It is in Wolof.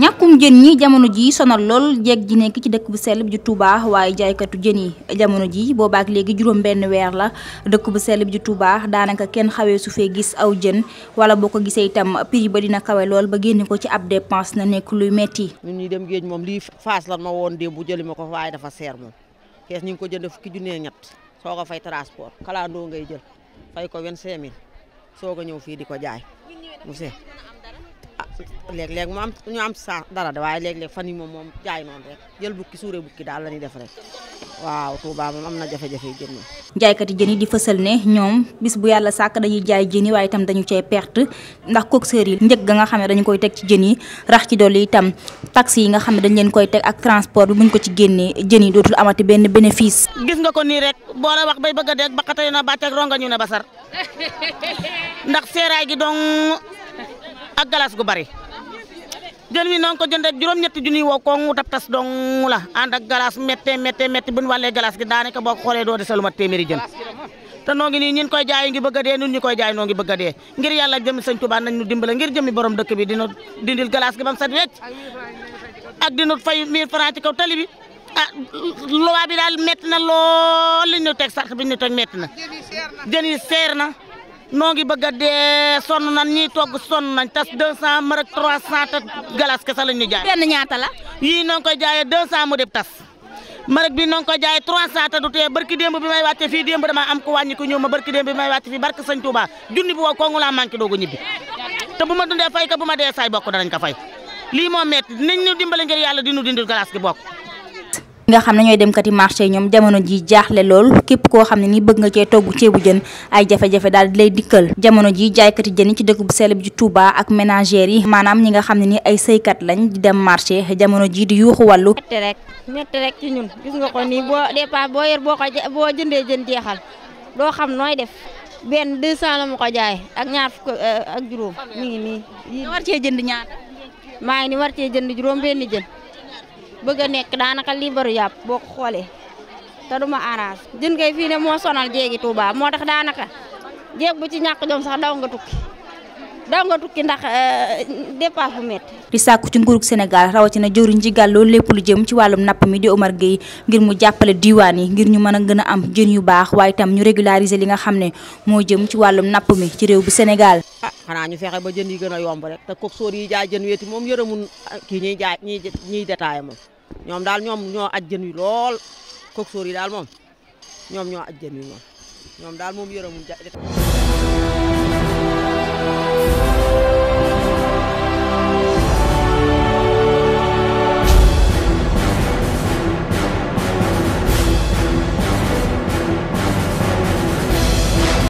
ñàkkum jën ñi jamono ji sonal lool jeeg ji nekk ci dëkk bu sell bi ji Touba waaye jaaykatu jën yi jamono ji boobaak léegi juróom benn weer la dëkk bu sell bi ji Touba daanaka kenn xawee su fee gis aw jën wala boo ko gisee itam prix ba dina kawe lool ba génne ko ci ab dépense na nekk luy metti ñun ñuy dem géej moom lii faas lan ma woon démb bu jëli ma ko waaye dafa seer moom kees ñu ngi ko jënd fukki junnee ñett soo ko fay transport kalandoo ngay jël fay ko 25000 soo ko ñëw fii di ko jaay mu léeg-léeg mu am ñu am sa dara de waaye léeg-léeg fan yi moom moom jaay noonu rek jël bukki suuree bukki daal la def rek waaw Touba moom am na jafe-jafe jën yi di fësal ne ñoom bis bu yàlla sàkk dañuy jaay jën yi waaye itam dañu cee perte ndax coxeur yi njëg ga nga xam ne dañu koy teg ci jën yi rax ci dolli itam taxi yi nga xam ne dañ leen koy teg ak transport bi buñ ko ci génnee jën yi dootul amati benn bénéfice gis nga ko nii rek boo la wax bay bëgg a dégg baqate na bàcc ak ronga ne basar ndax seeraay gi dong ak galas gu bari jën wi noonu ko jëndee juróom-ñetti junniy woo ko mu tab tas dong la ànd ak galas méttee méttee métti bu ñu wàllee galas gi daanaka boo ko xoolee doo dese lu mat téeméeri jën te noo ngi nii ñin koy jaay ngi bëgg a dee nun ñu koy jaay noo ngi bëgg a dee ngir yàlla jëmi sëñ Tuubaa nañ ñu dimbale ngir jëmi borom dëkk bi dina dindil galas gi bam sat wecc ak dina fay 1000 francs ci kaw tali bi ah bi daal métti na lool li ñu teg sart bi ñu teg métti na jën yi seer na noo ngi bëgg a dee sonn nañ ñiy togg sonn nañ tas 200 mërëg 300 te galas kese lañ jaay. la. yii noo ngi koy jaayee 200 mu def tas mërëg bi noo ngi koy jaayee 300 te du tee bi may wàcce fii démb damaa am ko wàññi ko ñëw ma barki démb bi may wàcce fii barki sëñ Touba junni bi woo kongu laa manqué doog a ñibbi te bu ma dundee fay ka bu ma dee saay bokk danañ ko fay lii moo metti nañ ñu dimbale ngir dinu dindil galas gi bokk. nga xam ne ñooy dem kati marché ñoom jamono ji jaaxle lool képp koo xam ne ni bëgg nga cee togg ceebu jën ay jafe-jafe daal di lay dikkal jamono ji jaaykati jën yi ci dëkk bu sell bi ji Touba ak ménagères yi maanaam ñi nga xam ne ni ay sëykat lañ di dem marché jamono ji di yuuxu wallu metti rek metti rek ci ñun gis nga ko nii boo dépasse boo yor boo ko boo jëndee jën jeexal doo xam nooy def benn 200 la ma ko jaay ak ñaar fukk euh, ak juróom mi ngi nii war cee jënd ñaar maa ngi ni war cee jënd juróom benn jën bëgg a nekk daanaka liibaru yàpp boo ko xoolee te du ma arrange jën kay fii ne moo sonal jéegi Touba moo tax daanaka jéeg bu ci ñàkk jom sax daw nga tukki daa tukki ndax euh, dépasse bu métti. di sàkku ci nguurug Sénégal rawatina jëwriñ ji gàlloo lépp lu jëm ci wàllum napp mi di Omar Gueye ngir mu jàppale diwaan yi ngir ñu mën a gën a am jën yu baax waaye tam ñu régulariser li nga xam ne moo jëm ci wàllum napp mi ci réew bi Sénégal. ah xanaa ñu fexe ba jën yi gën a yomb rek te kooku yi jaay jën weeti moom yërëmun ah, ki ñuy jaay ñiy ñiy détaillé moom ñoom daal ñoom ñoo aj jën yi lool kooku yi daal moom ñoom ñoo aj jën yi moom ñoom daal moom yërëmun